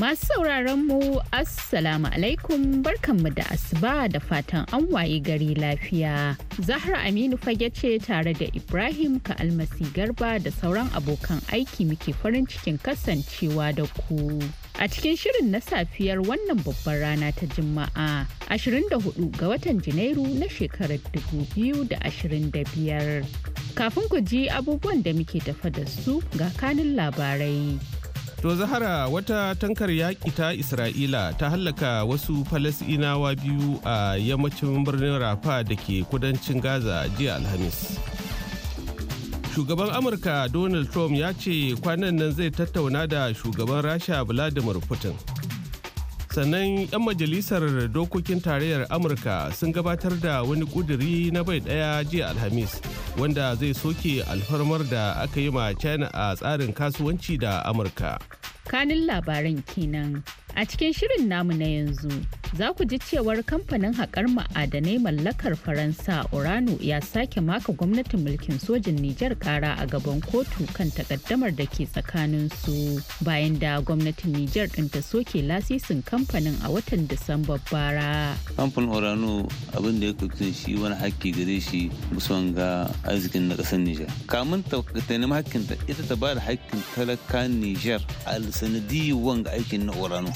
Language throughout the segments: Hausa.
Masu sauraron mu Assalamu alaikum barkanmu da asuba da fatan an waye gari lafiya. Zahra Aminu fage ce tare da Ibrahim ka almasi Garba da sauran abokan aiki muke farin cikin kasancewa da ku. A cikin shirin na safiyar wannan babbar rana ta Juma'a 24 ga watan Janairu na shekarar 2025. Kafin ku ji abubuwan da muke tafa da su ga kanin labarai. To Zahara wata tankar yaƙi ta Isra'ila ta hallaka wasu Falasɗinawa biyu a yammacin birnin Rafa da ke kudancin Gaza jiya Alhamis. Shugaban Amurka Donald Trump ya ce kwanan nan zai tattauna da shugaban Rasha Vladimir Putin. Sannan 'yan majalisar dokokin tarayyar Amurka sun gabatar da wani ƙuduri na bai ɗaya jiya Alhamis. wanda zai soke alfarmar da aka yi ma china a tsarin kasuwanci da amurka kanin labaran kenan A cikin shirin namu na yanzu, za ku ji cewar kamfanin haƙar ma'adanai mallakar Faransa Urano ya sake maka gwamnatin mulkin sojin Nijar ƙara a gaban kotu kan takaddamar da ke tsakanin su bayan da gwamnatin Nijar ɗin ta soke lasisin kamfanin a watan Disamba bara. Kamfanin Urano abin da ya kuntun shi wani haƙƙi gare shi musamman ga arzikin na ƙasar Nijar. Kamun ta nemi ta ita ta ba da haƙƙin talakan Nijar a sanadiyar wanga aikin na Urano.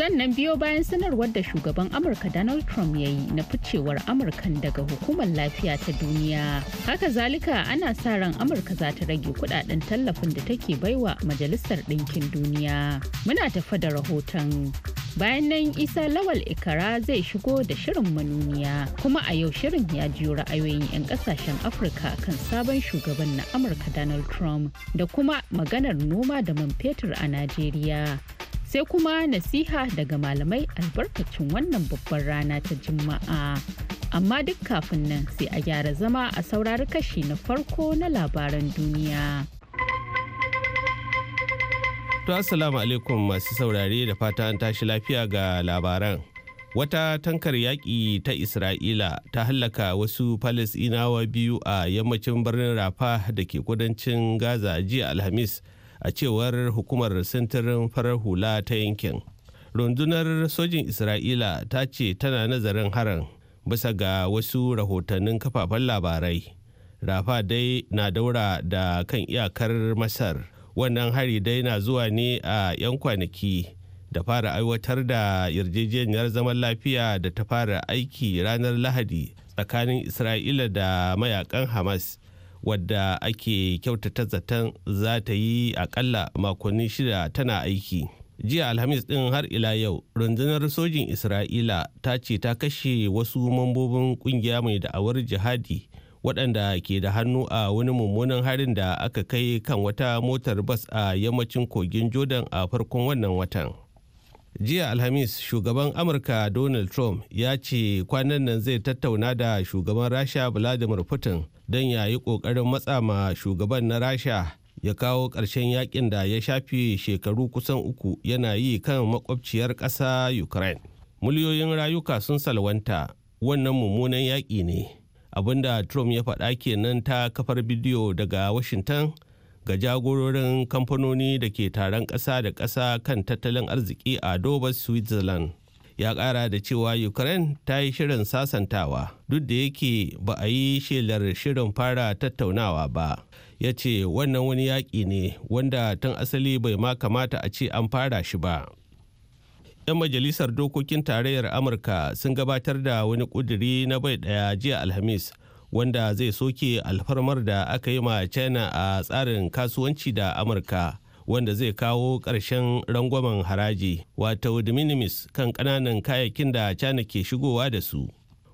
sannan biyo bayan sanarwar da shugaban amurka donald trump ya yi na ficewar amurkan daga hukumar lafiya ta duniya haka zalika ana sa ran amurka za ta rage kudaden tallafin da take baiwa majalisar ɗinkin duniya muna tafa da rahoton bayan nan isa lawal ikara zai shigo da shirin manuniya kuma a yau shirin ya jiyo ra'ayoyin 'yan kasashen afirka kan sabon shugaban na amurka donald trump da kuma maganar noma da man fetur a najeriya sai kuma nasiha daga malamai albarkacin wannan babbar rana ta juma'a amma duk kafin nan sai a gyara zama a saurari kashi na farko na labaran duniya to assalamu alaikum masu saurare da fata an tashi lafiya ga labaran wata tankar yaƙi ta isra'ila ta hallaka wasu palestinawa biyu a yammacin birnin rafa da ke kudancin gaza jiya alhamis a cewar hukumar sintirin farar hula ta yankin rundunar sojin isra'ila ta ce tana nazarin harin bisa ga wasu rahotannin kafafen labarai rafa dai na daura da kan iyakar masar wannan hari dai na zuwa ne a 'yan kwanaki da fara aiwatar da yarjejeniyar zaman lafiya da ta fara aiki ranar lahadi tsakanin isra'ila da mayakan hamas wadda ake kyautata zaton za ta yi akalla makonni shida tana aiki jiya alhamis din har ila yau rundunar sojin isra'ila ta ce ta kashe wasu mambobin kungiya mai da'awar jihadi waɗanda ke da hannu a wani mummunan harin da aka kai kan wata motar bas a yammacin kogin jordan a farkon wannan watan jiya alhamis shugaban amurka donald trump ya ce kwanan nan zai tattauna da shugaban rasha vladimir putin don ya yi ƙoƙarin matsa ma shugaban na rasha ya kawo ƙarshen yakin da ya shafi shekaru kusan uku yana yi kan makwabciyar ƙasa ukraine miliyoyin rayuka sun salwanta wannan mummunan yaƙi ne abinda trump ya faɗa kenan ta kafar bidiyo daga washington ga jagororin kamfanoni da ke taron ƙasa da ƙasa kan tattalin arziki a dover switzerland ya ƙara da cewa ukraine ta yi shirin sasantawa duk da yake ba a yi shelar shirin fara tattaunawa ba ya ce wannan wani yaƙi ne wanda tun asali bai ma kamata a ce an fara shi ba 'yan majalisar dokokin tarayyar amurka sun gabatar da wani ƙuduri na bai ɗaya jiya alhamis wanda zai soke alfarmar da aka yi ma china a tsarin kasuwanci da amurka wanda zai kawo ƙarshen rangwamen haraji wato de minimis kan ƙananan kayayyakin da china ke shigowa da su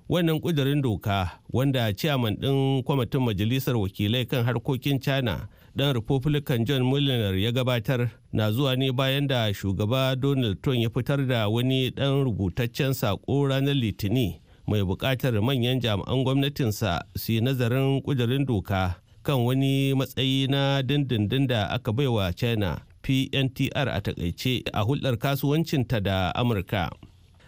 wannan ƙudurin doka wanda ciyaman ɗin kwamitin majalisar wakilai kan harkokin china ɗan republican john mulliner ya gabatar na zuwa ne bayan da shugaba donald trump ya fitar da wani ɗan rubutaccen sako ranar litinin mai buƙatar manyan jami'an gwamnatinsa su yi nazarin ƙudurin doka kan wani matsayi na dindindin da aka baiwa china pntr a takaice a hulɗar kasuwancinta da amurka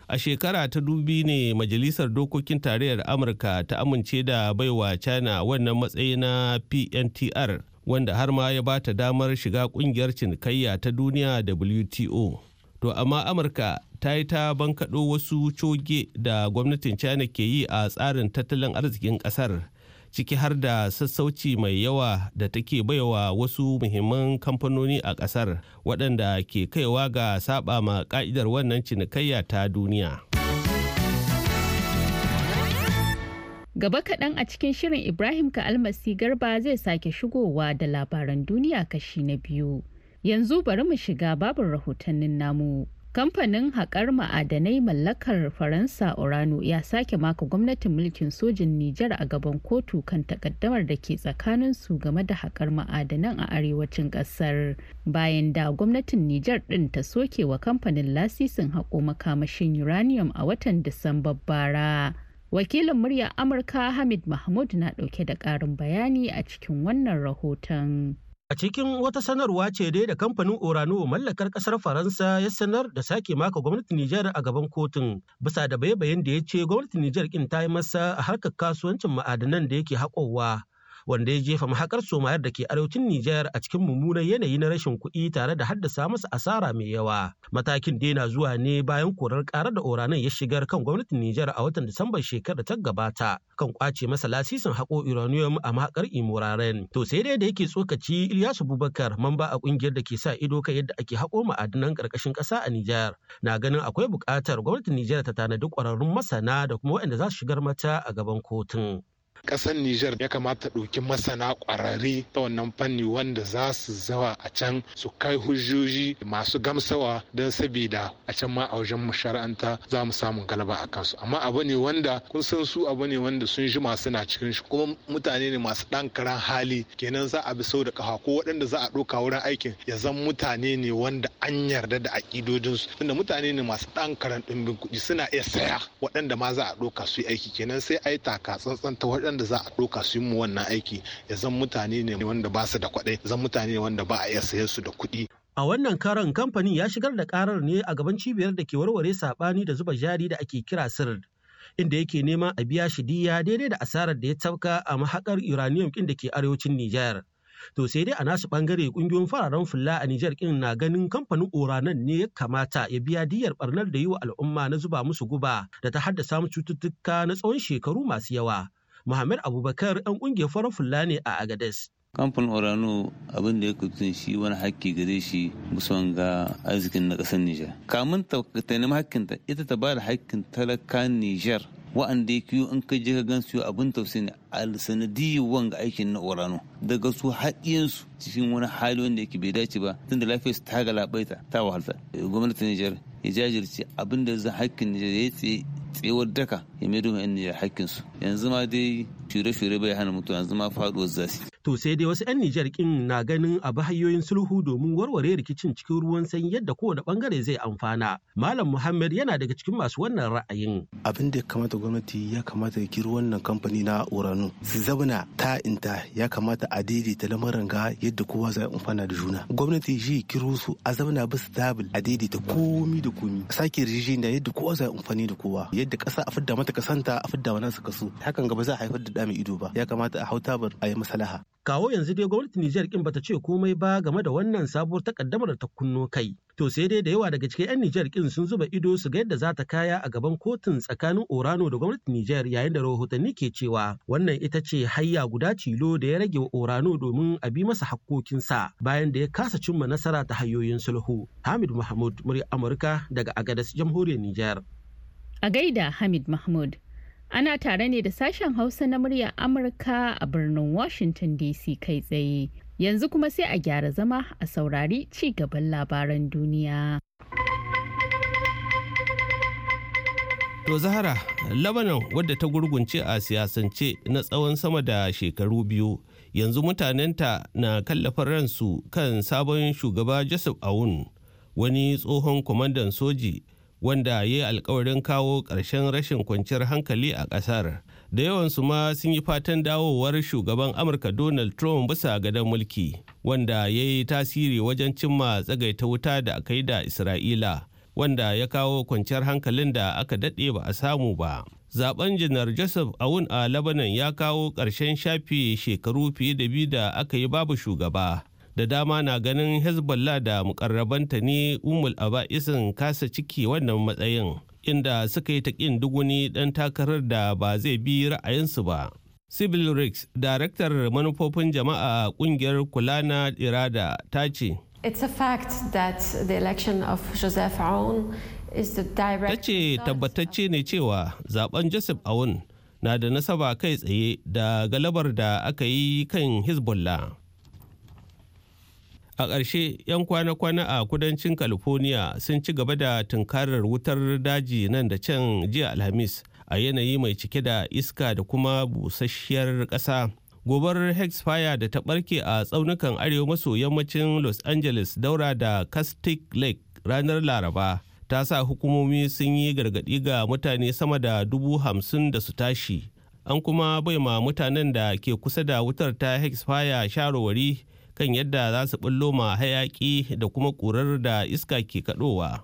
a shekara ta dubi ne majalisar dokokin tarayyar amurka ta amince da baiwa china wannan matsayi na pntr wanda har ma ya bata damar shiga kungiyar cinikayya ta duniya wto to amma amurka ta yi ta bankaɗo wasu coge da gwamnatin china ke yi a tsarin tattalin arzikin ƙasar ciki har da sassauci mai yawa da take baiwa wasu muhimman kamfanoni a ƙasar waɗanda ke kaiwa ga saba ma ƙa'idar wannan cinikayya ta duniya. Gaba kaɗan a cikin shirin Ibrahim ka almasi Garba zai sake shigowa da labaran duniya kashi na biyu. Yanzu bari mu shiga babin rahotannin namu. kamfanin haƙar ma'adanai mallakar faransa orano ya sake maka gwamnatin mulkin sojin nijar a gaban kotu kan takaddamar da ke tsakanin su game da haƙar ma'adanan a arewacin ƙasar bayan da gwamnatin nijar ɗin ta soke wa kamfanin lasisin haƙo makamashin uranium a watan disamba bara wakilin Murya amurka hamid mahmud na ɗauke da ƙarin bayani a cikin wannan rahoton. A cikin wata sanarwa ce dai da kamfanin Orano mallakar kasar Faransa ya sanar da sake maka gwamnatin Nijar a gaban kotun bisa da bayan da ya ce gwamnatin Nijar kin ta yi masa a harkar kasuwancin ma'adanan da yake haƙowa wanda ya jefa mahakar somayar da ke arewacin Nijar a cikin mummunan yanayi na rashin kuɗi tare da haddasa masa asara mai yawa. Matakin daina zuwa ne bayan korar ƙarar da oranan ya shigar kan gwamnatin Nijar a watan Disambar shekarar ta gabata kan kwace masa lasisin haƙo uranium a mahakar Imuraren. To sai dai da yake tsokaci Ilyasu Bubakar mamba a ƙungiyar da ke sa ido kan yadda ake haƙo ma'adinan ƙarƙashin ƙasa a Nijar. Na ganin akwai buƙatar gwamnatin Nijar ta tanadi ƙwararrun masana da kuma waɗanda za su shigar mata a gaban kotun. ƙasar Nijar ya kamata ɗauki masana ƙwararre ta wannan fanni wanda za su zawa a can su kai hujjoji masu gamsawa don sabida a can ma a wajen mashara'anta za mu samu galaba a kansu amma abu ne wanda kun san su abu ne wanda sun ji masu na cikin shi kuma mutane ne masu ɗan karan hali kenan za a bi sau da ƙafa ko waɗanda za a ɗauka wurin aikin ya zan mutane ne wanda an yarda da aƙidodinsu tunda mutane ne masu ɗan karan ɗumbin kuɗi suna iya saya waɗanda ma za a ɗauka su aiki kenan sai a yi taka tsantsan ta waɗanda za a ɗauka su yi mu wannan aiki ya zan mutane ne wanda ba su da kwaɗai zan mutane ne wanda ba a iya sayan su da kuɗi. A wannan karon kamfanin ya shigar da karar ne a gaban cibiyar da ke warware saɓani da zuba jari da ake kira sir Inda yake nema a biya shi diya daidai da asarar da ya tabka a mahakar uranium ɗin da ke arewacin Nijar. to sai dai a nasu bangare kungiyoyin fararen fulla a Nijar kin na ganin kamfanin oranan ne ya kamata ya biya diyar barnar da yi wa al'umma na zuba musu guba da ta haddasa mu cututtuka na tsawon shekaru masu yawa Muhammad Abubakar ɗan ƙungiyar farar Fulani a Agades. kamfanin orano abin da ya kutun shi wani hakki gare shi musamman ga arzikin na ƙasar nijar kamun ta nemi ta ita ta bada haƙƙin hakkin nijar wa'anda ya kiyo in ka je ka gan su abin tausayi ne al sanadiyyar wanga aikin na orano daga su haƙiyansu cikin wani hali wanda yake bai dace ba tunda lafiyar su ta galabaita ta wahalta gwamnatin nijar ya jajirce abin da zan hakkin nijar ya tsaye tsewar daka ya maido ma 'yan Nijar hakkinsu yanzu ma dai shure-shure bai hana mutu yanzu ma faɗuwar zasi. To sai dai wasu 'yan Nijar kin na ganin abu hanyoyin sulhu domin warware rikicin cikin ruwan sanyi yadda kowane bangare zai amfana. Malam Muhammad yana daga cikin masu wannan ra'ayin. Abin da ya kamata gwamnati ya kamata ya kiri wannan kamfani na Uranu. Zabna ta inta ya kamata a daidaita lamarin ga yadda kowa zai amfana da juna. Gwamnati shi kiro su a zauna bisa tabil a daidaita komi da komi. Sake rijiyar yadda kowa zai amfani da kowa. Yadda ƙasa a fidda mata kasanta a fidda wa nasu kasu. Hakan gaba za a haifar da dami ido ba. Ya kamata a hau tabar a yi maslaha. Kawo yanzu dai gwamnatin Nijar kin bata ce komai ba game da wannan sabuwar takaddamar ta kunno kai. To sai dai da yawa daga cikin 'yan Nijar kin sun zuba ido su ga yadda za ta kaya a gaban kotun tsakanin Orano da gwamnatin Nijar yayin da rahotanni ke cewa wannan ita ce hayya guda tilo da ya rage wa Orano domin a bi masa sa bayan da ya kasa cimma nasara ta hayoyin sulhu. Hamid Mahmud, murya Amurka daga Agadas, Jamhuriyar Nijar. A gaida Hamid Mahmud. Ana tare ne da sashen Hausa na muryar Amurka a birnin Washington DC kai tsaye. Yanzu kuma sai a gyara zama a saurari ci gaban labaran duniya. To Zahara, Lebanon wadda ta gurgunce a siyasance na tsawon sama da shekaru biyu, yanzu mutanenta na kallafa ransu kan sabon shugaba Joseph Aoun, wani tsohon kwamandan soji wanda ya yi alkawarin kawo ƙarshen rashin kwanciyar hankali a ƙasar da yawansu ma sun yi fatan dawowar shugaban amurka donald trump bisa gadon mulki wanda ya yi tasiri wajen cimma tsagaita wuta da aka yi da isra'ila wanda ya kawo kwanciyar hankalin da aka daɗe ba a samu ba zaben janar joseph awun a labanan ya kawo ƙarshen shafi shekaru fiye da biyu da aka yi babu shugaba da dama na ganin hezbollah da mukarrabanta ne umul aba'isin kasa ciki wannan matsayin inda suka yi taƙin duguni duguni ɗan takarar da ba zai bi ra'ayinsu ba civil rights director manufofin jama'a ƙungiyar kula na irada ta ce that the election of Joseph is the direct... Ta ce tabbatacce ne cewa zaben Joseph aun na da nasaba kai tsaye da galabar da aka yi kan Hezbollah. a ƙarshe 'yan kwana-kwana a kudancin california sun ci gaba da tunkarar wutar daji nan da can jiya alhamis a yanayi mai cike da iska da kuma busasshiyar ƙasa gobar hexfire da ta ɓarke a tsaunukan arewa maso yammacin los angeles daura da castic lake ranar laraba ta sa hukumomi sun yi gargaɗi ga mutane sama da dubu hamsin da su tashi an kuma bai ma mutanen da ke kusa da wutar ta hexfire shawarwari kan yadda za su bullo ma hayaƙi da kuma ƙurar da iska ke kaɗowa.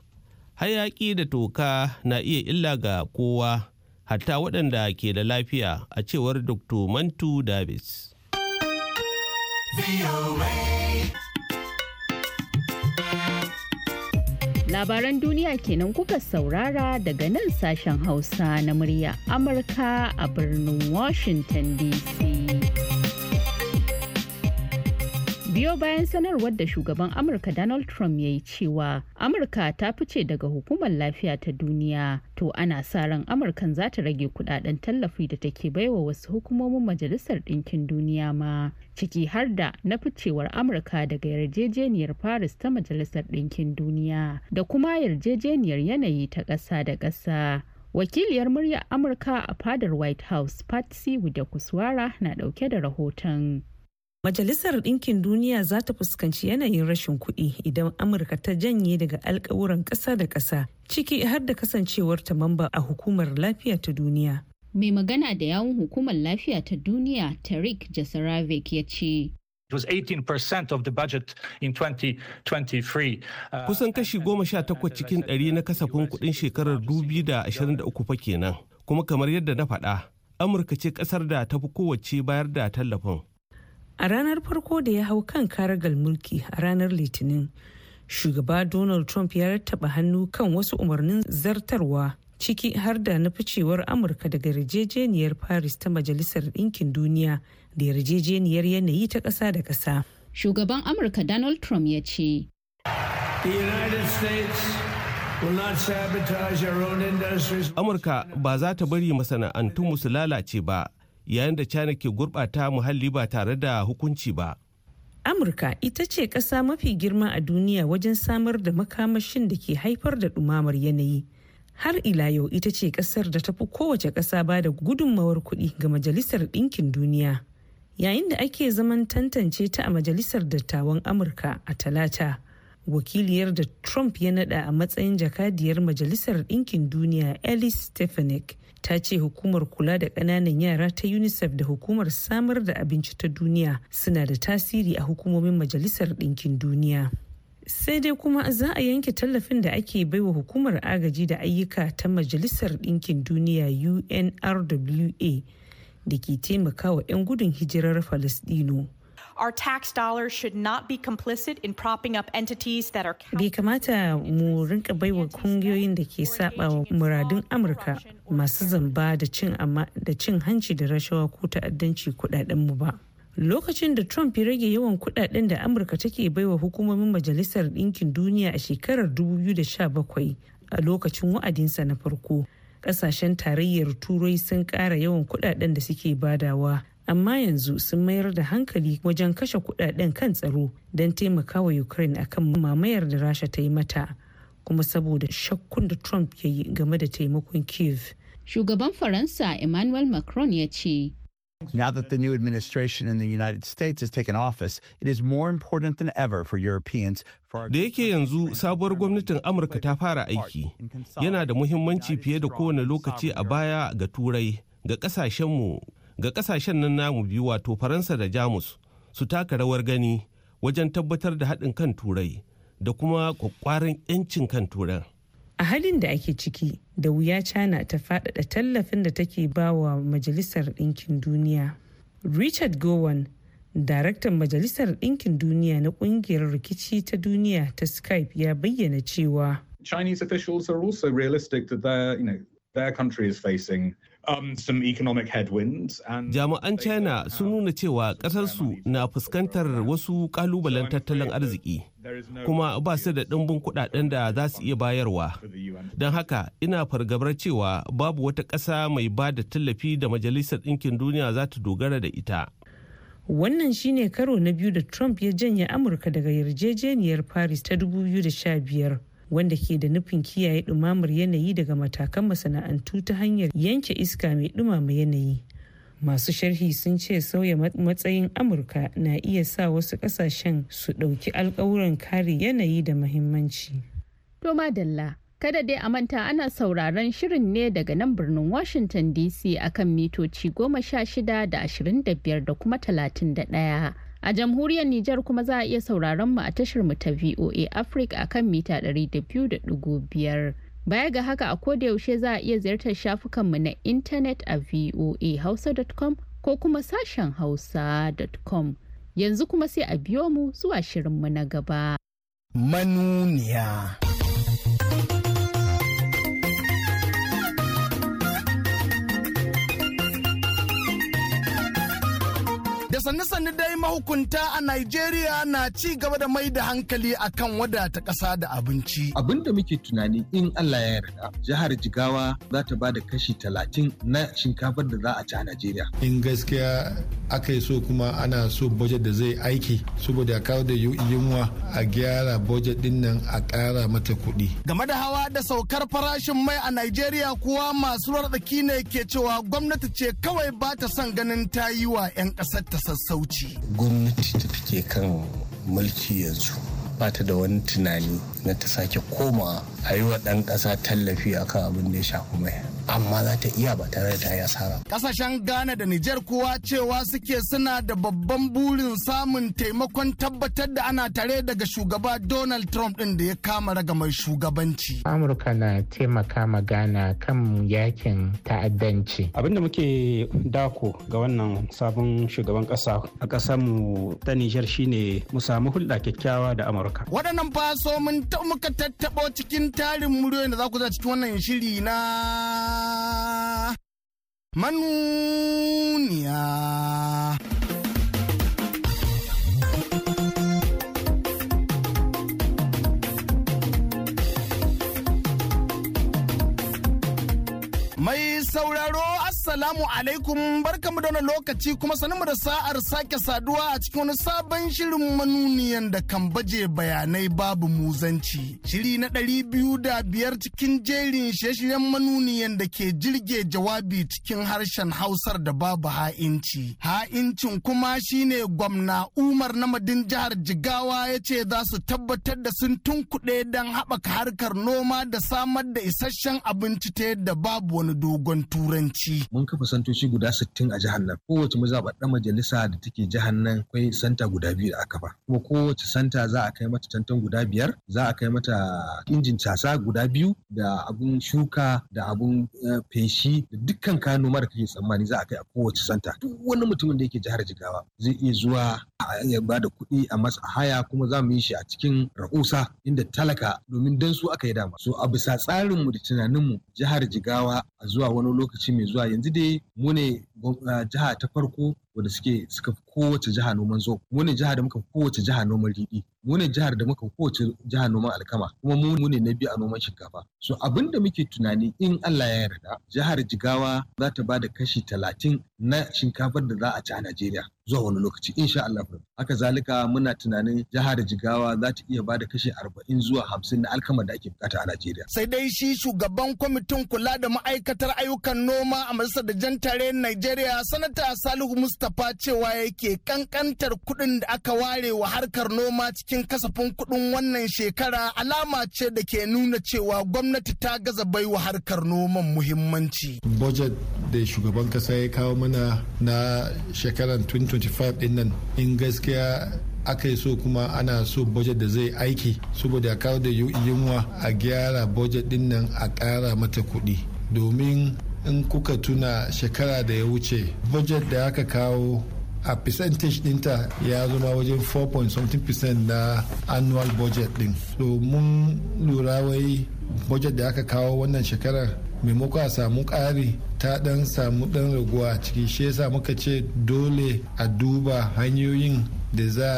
Hayaƙi da toka na iya illa ga kowa, hatta waɗanda ke da lafiya a cewar Dr. Mantu Davis. Labaran duniya kenan kuka saurara daga nan sashen Hausa na murya Amurka a birnin Washington DC. biyo bayan sanarwar da shugaban amurka donald trump ya yi cewa amurka ta fice daga hukumar lafiya ta duniya to ana sa ran amurkan za ta rage kudaden tallafi da take baiwa wasu hukumomin majalisar ɗinkin duniya ma ciki har da na ficewar amurka daga yarjejeniyar paris ta majalisar ɗinkin duniya da kuma yarjejeniyar yanayi ta ƙasa da ƙasa wakiliyar muryar amurka a fadar white house patsy da kuswara na ɗauke da rahoton Majalisar dinkin Duniya za ta fuskanci yanayin rashin kuɗi idan Amurka ta janye daga alkawuran ƙasa da ƙasa ciki har da kasancewar ta mamba a hukumar lafiya ta duniya. Mai magana da yawun hukumar lafiya ta duniya Tariq Jasaravic ya ce. It was in 2023. Uh, Kusan kashi goma sha takwas cikin ɗari na kasafin kuɗin shekarar 2023 fa kenan. Kuma kamar yadda na faɗa, Amurka ce ƙasar da ta fi kowace bayar da tallafin. a ranar farko da ya hau kan karagal mulki a ranar litinin shugaba donald trump ya rattaba hannu kan wasu umarnin zartarwa ciki har da na ficewar amurka daga yarjejeniyar paris ta majalisar ɗinkin duniya da yarjejeniyar yanayi ta ƙasa da ƙasa shugaban amurka donald trump ya ce amurka ba za ta bari masana'antu su lalace ba yayin da china ke gurɓata muhalli ba tare da hukunci ba amurka ita ce ƙasa mafi girma a duniya wajen samar da makamashin da ke haifar da ɗumamar yanayi har ila yau ita ce ƙasar da ta fi kowace ƙasa ba da gudunmawar kuɗi ga majalisar ɗinkin duniya yayin da ake zaman tantance ta a majalisar dattawan amurka a talata wakiliyar da trump ya naɗa a matsayin jakadiyar majalisar ɗinkin duniya alice stefanik ta ce hukumar kula da ƙananan yara ta unicef da hukumar samar da abinci ta duniya suna da tasiri a hukumomin majalisar ɗinkin duniya sai dai kuma za a yanke tallafin da ake baiwa hukumar agaji da ayyuka ta majalisar ɗinkin duniya unrwa da ke taimakawa 'yan gudun hijirar falasɗinu. Our tax dollars should not be complicit in propping up entities that are Bai kamata mu rinka baiwa kungiyoyin da ke saba wa muradun Amurka masu zamba da cin hanci da rashawa ko ta'addanci kudaden mu ba. Lokacin da Trump ya rage yawan kudaden da Amurka take baiwa hukumomin Majalisar ɗinkin Duniya a shekarar 2017 a lokacin wa'adinsa na farko, kasashen tarayyar Turai sun ƙara yawan kudaden da suke badawa amma yanzu sun mayar da hankali wajen kashe kudaden kan tsaro don taimakawa ukraine akan mamayar da rasha ta yi mata kuma saboda shakkun da trump ya yi game da taimakon kiev shugaban faransa emmanuel macron ya ce Now that the new administration in the United States has taken office, it is more important than ever for Europeans Da yake yanzu sabuwar gwamnatin Amurka ta fara aiki, yana da muhimmanci fiye da kowane lokaci a baya ga Turai, ga mu ga kasashen nan namu biyu wato faransa da jamus su taka rawar gani wajen tabbatar da haɗin kan turai da kuma kwakwaran 'yancin kan turan a halin da ake ciki da wuya china ta faɗaɗa tallafin da take ba wa majalisar ɗinkin duniya richard gowan daraktan majalisar ɗinkin duniya na ƙungiyar rikici ta duniya ta skype ya bayyana cewa chinese officials are realistic that their country is facing Um, Jami'an China uh, sun nuna cewa uh, ƙasarsu na fuskantar wasu ƙalubalen tattalin arziki, kuma ba su da ɗimbin kuɗaɗen da za su iya bayarwa. Don haka ina fargabar cewa babu wata ƙasa mai ba da tallafi da Majalisar Ɗinkin Duniya za ta dogara da ita. Wannan shi ne karo na biyu da Trump ya janye Amurka daga yarjejeniyar Paris ta 2015. wanda ke da nufin kiyaye ɗumamar yanayi daga matakan masana'antu ta hanyar yanke iska mai ɗumama yanayi masu sharhi sun ce sauya matsayin amurka na iya sa wasu ƙasashen su ɗauki alkawuran kare yanayi da mahimmanci. to madalla kada dai a manta ana sauraron shirin ne daga nan birnin washington dc akan mitoci goma sha shida da ashirin da biyar da kuma talatin da ɗaya A jamhuriyar Nijar kuma za a iya sauraron mu a tashar mu ta VOA Africa akan mita 200.5. Baya ga haka a koda yaushe za a iya ziyartar shafukan mu na intanet a VOA voahausa.com ko kuma sashen hausa.com. Yanzu kuma sai a biyo mu zuwa shirin mu na gaba. Manuniya. da sanne-sanne dai mahukunta a Najeriya na ci gaba da mai da hankali akan wadata ƙasa da abinci. Abin da muke tunani in Allah ya yarda jihar Jigawa za ta ba da kashi talatin na shinkafar da za a ci a Najeriya. In gaskiya aka yi so kuma ana so budget da zai aiki saboda kawo da yunwa a gyara budget din nan a ƙara mata kuɗi. Game da hawa da saukar farashin mai a Najeriya kuwa masu rarraki ne ke cewa gwamnati ce kawai ba ta son ganin ta yi wa 'yan ƙasar ta sassauci. Gwamnati ta take kan mulki yanzu ba ta da wani tunani na ta sake koma a yi wa ɗan ƙasa tallafi akan abin da ya shafi mai. amma za ta iya ba tare da ta yi asara. Kasashen Ghana da Nijar kuwa cewa suke suna da babban burin samun taimakon tabbatar da ana tare daga shugaba Donald Trump ɗin da ya kama ragamar shugabanci. Amurka na taimaka ma Ghana kan yakin ta'addanci. Abinda muke dako ga wannan sabon shugaban ƙasa a ƙasar mu ta Nijar shine mu samu hulɗa kyakkyawa da Amurka. Waɗannan faso mun muka tattaɓo cikin tarin muryoyin da za ku za cikin wannan shiri na manuniya. alaikum barkamu da wani lokaci kuma sanin da sa'ar sake saduwa a cikin wani sabon shirin manuniyan da kan baje bayanai babu muzanci. Shiri na ɗari biyu da biyar cikin jerin shirye-shiryen manuniyan da ke jirge jawabi cikin harshen Hausar da babu ha'inci. Ha'incin kuma shine gwamna Umar na madin jihar Jigawa ya ce za su tabbatar da sun tunkuɗe don haɓaka harkar noma da samar da isasshen abinci ta yadda babu wani dogon turanci. asibitoci guda 60 a jihar nan kowace mazaɓaɗɗen majalisa da take jihar nan akwai santa guda biyu da aka ba kuma kowace santa za a kai mata tantan guda biyar za a kai mata injin casa guda biyu da abun shuka da abun eh, feshi da dukkan kayan noma da kake tsammani za a kai a kowace santa duk wani mutumin da yake jihar jigawa zai iya zuwa ya ba da kuɗi a masa haya kuma za mu yi shi a cikin ra'usa inda talaka domin dan su aka yi dama so a bisa tsarinmu da tunaninmu jihar jigawa a zuwa wani lokaci mai zuwa yanzu dai mu ne ah, jiha ta farko wanda suke suka fi kowace jiha noman zo mu ne jiha da muka fi kowace jiha noman riɗi mu ne jihar da muka fi kowace jiha noman alkama kuma mu ne na biyu a noman shinkafa so abin da muke tunani in Allah ya yarda jihar Jigawa za ta ba kashi talatin na shinkafar da za a ci a Najeriya zuwa wani lokaci insha Allah haka zalika muna tunanin jihar Jigawa za ta iya bada kashi arba'in zuwa hamsin na alkama da ake bukata a Najeriya sai dai shi shugaban kwamitin kula da ma'aikatar ayyukan noma a majalisar da jan tare Najeriya sanata Salihu Mustapha Mustapha cewa yake kankantar kuɗin da aka ware wa harkar noma cikin kasafin kuɗin wannan shekara alama ce da ke nuna cewa gwamnati ta gaza baiwa harkar noman muhimmanci. Budget da shugaban kasa ya kawo mana na shekarar 2025 din nan in gaskiya aka yi so kuma ana so budget da zai aiki saboda kawo da yunwa a gyara budget din nan a ƙara mata kuɗi domin in kuka tuna shekara da ya wuce budget da aka kawo a percentage dinta ya zama wajen 4.17% na annual budget din so mun lura wai budget da aka kawo wannan shekarar maimako a samu ƙari ta dan samu dan raguwa a ciki shi yasa muka ce dole a duba hanyoyin da za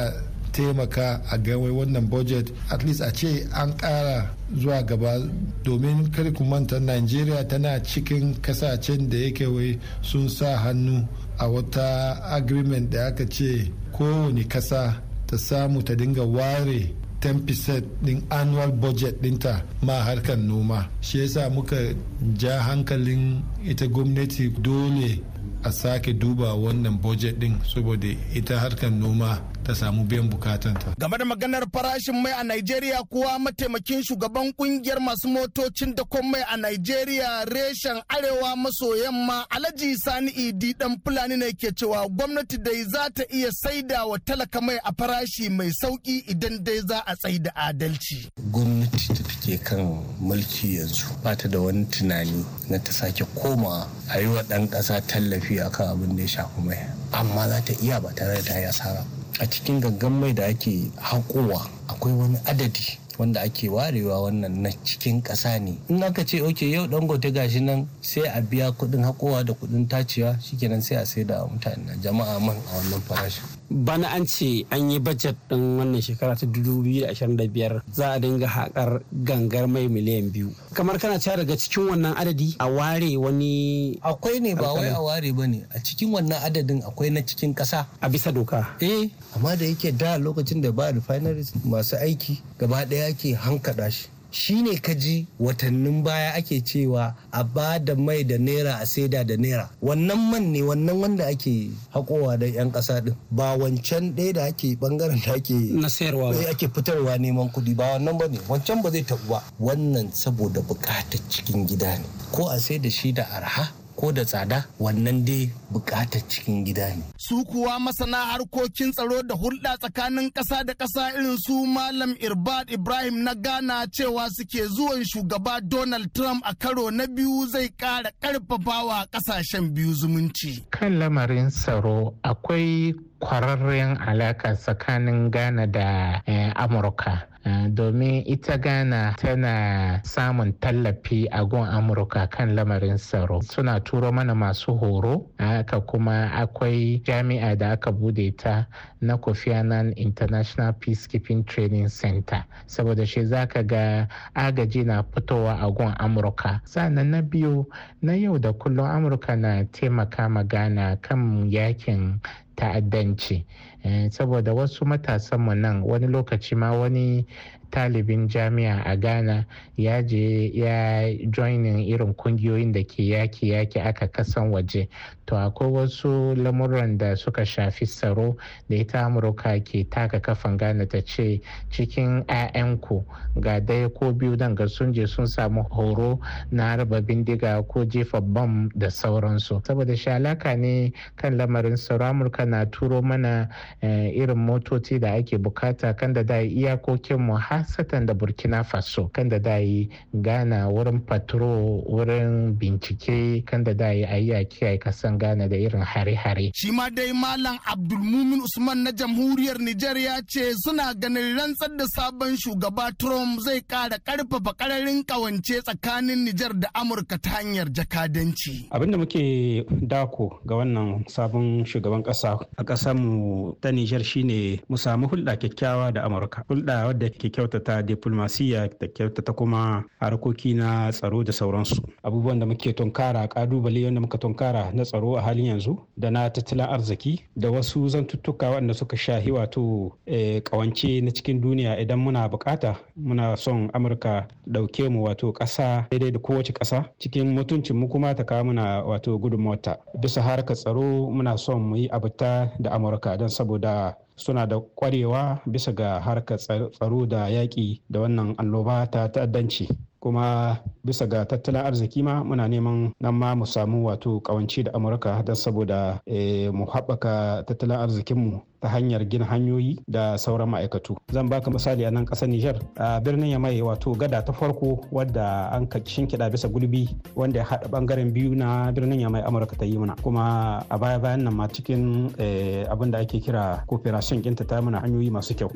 taimaka a gawai wannan budget at least a ce an kara zuwa gaba domin kar ku manta najeriya tana cikin kasashen da yake wai sun sa hannu a wata agreement da aka ce kowane kasa ta samu ta dinga ware 10% din annual budget dinta ma harkar noma shi yasa muka ja hankalin ita gwamnati dole a sake duba wannan budget din saboda ita harkar noma ta samu biyan bukatanta. Game da maganar farashin mai a Najeriya kuwa mataimakin shugaban kungiyar masu motocin da mai a Najeriya reshen arewa maso yamma Alhaji Sani Idi dan Fulani ne ke cewa gwamnati dai za ta iya saida wa talaka mai a farashi mai sauki idan dai za a tsaida adalci. Gwamnati ta take kan mulki yanzu ba ta da wani tunani na ta sake koma a yi wa ɗan ƙasa tallafi akan abin da ya shafi mai amma za ta iya ba tare da ta yi asara. a cikin gangan mai da ake haƙowa akwai wani adadi wanda ake warewa wannan na cikin ƙasa ne in aka ce oke yau dangote gashi nan sai a biya kuɗin haƙowa da kuɗin tacewa shikenan sai a sai da mutane jama'a man a wannan farashin bana an ce an yi bajet ɗin wannan shekara ta 2025 za a dinga haƙar gangar mai miliyan biyu kamar kana cewa daga cikin wannan adadi a ware wani akwai ne ba wai a ware ba ne a cikin wannan adadin akwai na cikin ƙasa a bisa doka eh amma da yake da lokacin da ba da refineries masu aiki gaba ɗaya ke hankada shi shine ka ji watannin baya ake cewa a ba da mai da naira a saida da naira wannan man ne wannan wanda ake hakowa da 'yan ƙasa din ba wancan ɗaya da ake bangaren da ake na ba eh, ake fitarwa neman kuɗi ba wannan ba ne wancan ba zai taɓu ba wannan saboda buƙatar cikin gida ne ko a sai da shi da arha ko da tsada wannan dai bukatar cikin gida ne. Su kuwa masana harkokin tsaro da hulɗa tsakanin ƙasa da ƙasa irin su Malam Irbad Ibrahim na Ghana cewa suke zuwan shugaba Donald Trump a karo na biyu zai ƙara ƙarfafawa ƙasashen biyu zumunci. Kan lamarin tsaro akwai kwararren alaka tsakanin Ghana da eh, Amurka. Eh, domin ita ghana tana samun tallafi a gun amurka kan lamarin tsaro suna turo mana masu horo haka kuma akwai jami'a da aka bude ta na kofi annan international peacekeeping training center saboda shi zaka ga agaji na fitowa a gun amurka sannan na biyu na yau da kullum amurka na taimaka magana kan yakin ta'addanci Eh, saboda wasu matasan mu nan wani lokaci ma wani talibin jami'a a ghana ya je ya joinin irin kungiyoyin da ke yaki yaki aka kasan waje to akwai wasu lamuran da suka shafi tsaro da ita amurka ke taka kafan ghana ta ce cikin 'ya'yanku ga daya ko biyu nan ga sun je sun samu horo na harba bindiga ko jefa bam da sauransu saboda shi alaka ne kan lamarin tsaro amurka na turo mana Eh, irin motoci da ake bukata kan da dai iyakokin mu hasatan da burkina faso kan da dai gana wurin patro wurin bincike kan da dai a kiyaye kasan gana da irin hare-hare shi ma dai malam abdulmumin usman na jamhuriyar nijar ya ce suna ganin rantsar da sabon shugaba trump zai kara karfafa kararin kawance tsakanin nijar da amurka ta hanyar jakadanci abinda muke dako ga wannan sabon shugaban kasa a kasar mu ta Nijar shine mu samu hulɗa kyakkyawa da Amurka. Hulɗa wadda ke kyautata diplomasiya da kyautata kuma harkoki na tsaro da sauransu. Abubuwan da muke tunkara ƙalubale wanda muka tunkara na tsaro a halin yanzu da na tattalin arziki da wasu zantuttuka wanda suka shahi wato eh, ƙawance na cikin duniya idan muna buƙata muna son Amurka ɗauke mu wato ƙasa daidai da kowace ƙasa cikin mutuncin mu kuma ta kawo muna wato gudunmawata. Bisa harkar tsaro muna son mu yi abuta da Amurka don saboda suna da kwarewa bisa ga harkar tsaro da yaƙi da wannan annoba ta ta'addanci kuma bisa ga tattalin arziki ma muna neman nan ma mu samu wato kawanci da amurka don saboda eh, mu haɓaka tattalin arzikinmu ta hanyar gina hanyoyi da sauran ma'aikatu zan baka misali a nan ƙasar niger a birnin ya mai wato gada ta farko wadda an shinkiɗa bisa gulbi wanda ya haɗa ɓangaren biyu na birnin ya mai amurka ta yi mana kuma a baya bayan nan ma cikin eh, abin da ake kira cooperation ginta ta mana hanyoyi masu kyau.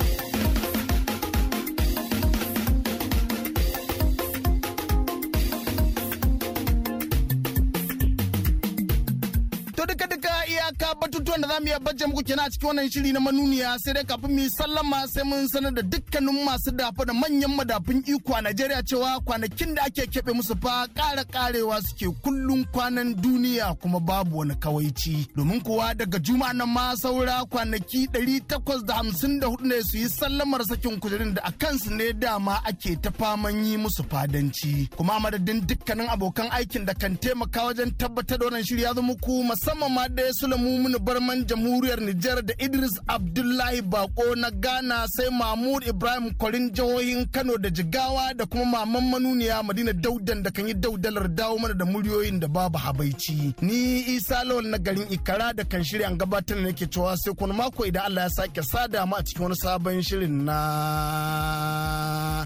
bajje muku kenan a cikin wannan shiri na manuniya sai dai kafin mu sallama sai mun sanar da dukkanin masu dafa da manyan madafin iko a Najeriya cewa kwanakin da ake keɓe musu fa ƙara ƙarewa suke kullun kwanan duniya kuma babu wani kawaici. Domin kuwa daga juma'a nan ma saura kwanaki 854 ne su yi sallamar sakin kujerin da a kansu ne dama ake ta faman yi musu fadanci. Kuma madadin dukkanin abokan aikin da kan taimaka wajen tabbatar da wannan shiri ya zo muku musamman ma da su lamu mini barman jamhuriyar jamhuriyar Nijar da Idris Abdullahi Bako na Ghana sai Mahmud Ibrahim Kwarin jihohin Kano da Jigawa da kuma Maman Manuniya Madina Daudan da kan yi daudalar dawo mana da muryoyin da babu habaici. Ni Isa Lawal na garin Ikara da kan shirya gabatar da nake cewa sai kuma mako idan Allah ya sake sada mu a cikin wani sabon shirin na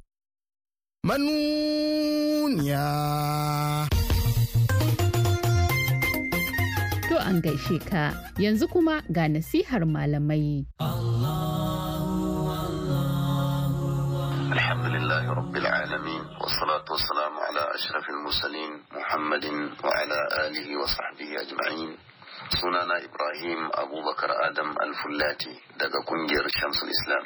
manuniya. An gaishe ka yanzu kuma ga nasihar malamai. الحمد لله رب العالمين والصلاة والسلام على أشرف المرسلين محمد وعلى آله وصحبه أجمعين sunana Ibrahim Abubakar Adam Alfullati daga kungiyar Shamsul Islam.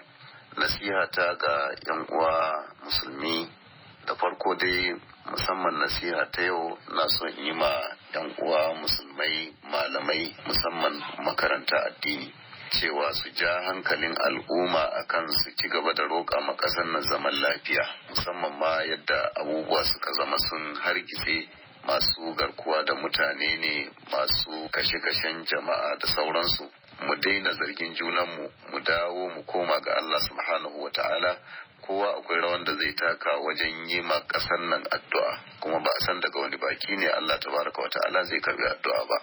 Nasiha ta ga 'yan uwa musulmi da farko dai musamman nasiha ta yau na son in yi ma 'yan uwa musulmai malamai musamman makaranta addini cewa su ja hankalin al'umma akan su ci gaba da roƙa ma na zaman lafiya musamman ma yadda abubuwa suka zama sun hargitse masu garkuwa da mutane ne masu kashe-kashen jama'a da sauransu mu daina zargin junanmu mu dawo mu koma ga Allah subhanahu wa ta'ala kowa akwai rawan da zai taka wajen yi ma ƙasar nan addu'a kuma ba a san daga wani baki ne Allah tabaraka wa ta'ala zai karbi addu'a ba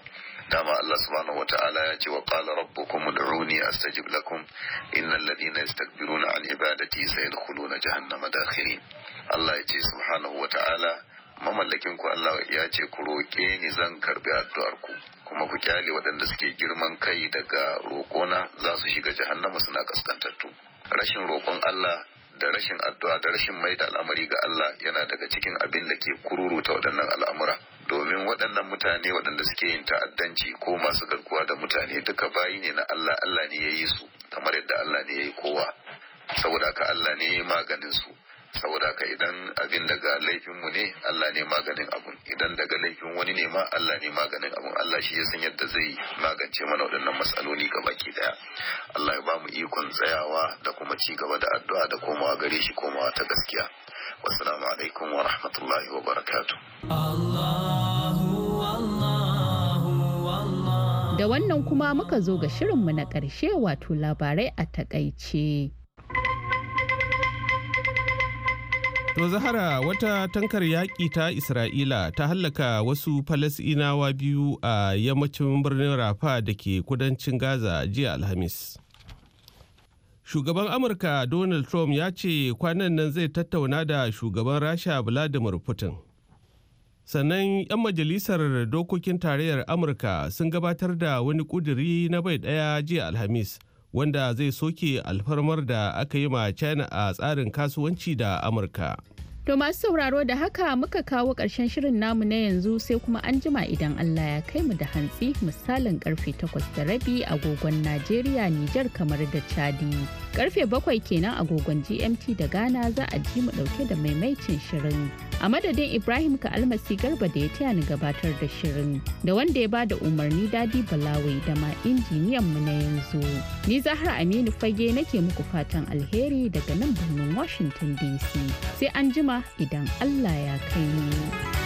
dama Allah subhanahu wata'ala ya ce wa qala rabbukum ud'uni astajib lakum innal ladina yastakbiruna an ibadati sayadkhuluna jahannama dakhirin Allah ya ce subhanahu wata'ala mamallakin ku Allah ya ce ku roƙe ni zan karbi addu'ar ku kuma ku kyale waɗanda suke girman kai daga roƙona za su shiga jahannama suna kaskantattu rashin roƙon Allah da rashin addu'a da rashin mai da al'amari ga Allah yana daga cikin abin da ke kururuta waɗannan al'amura domin waɗannan mutane waɗanda suke yin ta'addanci ko masu garkuwa da mutane duka bayi ne na Allah Allah ne ya yi su kamar yadda Allah ne ya yi kowa saboda ka Allah ne ya yi maganin su saboda ka idan abin daga laifinmu ne Allah ne maganin abun idan daga laifin wani ne ma Allah ne maganin abun Allah shi ya san yadda zai magance mana waɗannan matsaloli ga baki daya Allah ya ba ikon tsayawa da kuma ci gaba da addu'a da komawa gare shi komawa ta gaskiya wassalamu alaikum wa rahmatullahi wa barakatuh Da wannan kuma muka zo ga shirin mu na ƙarshe wato labarai a takaice. To Zahara wata tankar yaƙi ta Isra'ila ta hallaka wasu Falasɗinawa biyu a yammacin birnin Rafa da ke kudancin Gaza jiya Alhamis. Shugaban Amurka Donald Trump ya ce kwanan nan zai tattauna da shugaban Rasha Vladimir Putin. Sannan 'yan majalisar dokokin tarayyar Amurka sun gabatar da wani ƙuduri na bai ɗaya jiya Alhamis. wanda zai soke alfarmar da aka yi ma china a tsarin kasuwanci da amurka To masu sauraro da haka muka kawo ƙarshen shirin namu na yanzu sai kuma an jima idan Allah ya kai mu da hantsi misalin karfe 8 da rabi agogon Najeriya Nijar kamar da Chadi. Karfe 7 kenan agogon GMT da Ghana za a ji mu dauke da maimaicin shirin. A madadin Ibrahim ka almasi garba da ya taya ni gabatar da shirin da wanda ya bada umarni dadi balawai da ma injiniyan mu na yanzu. Ni Zahra Aminu Fage nake muku fatan alheri daga nan birnin Washington DC. Sai an jima idan Allah ya kai ni.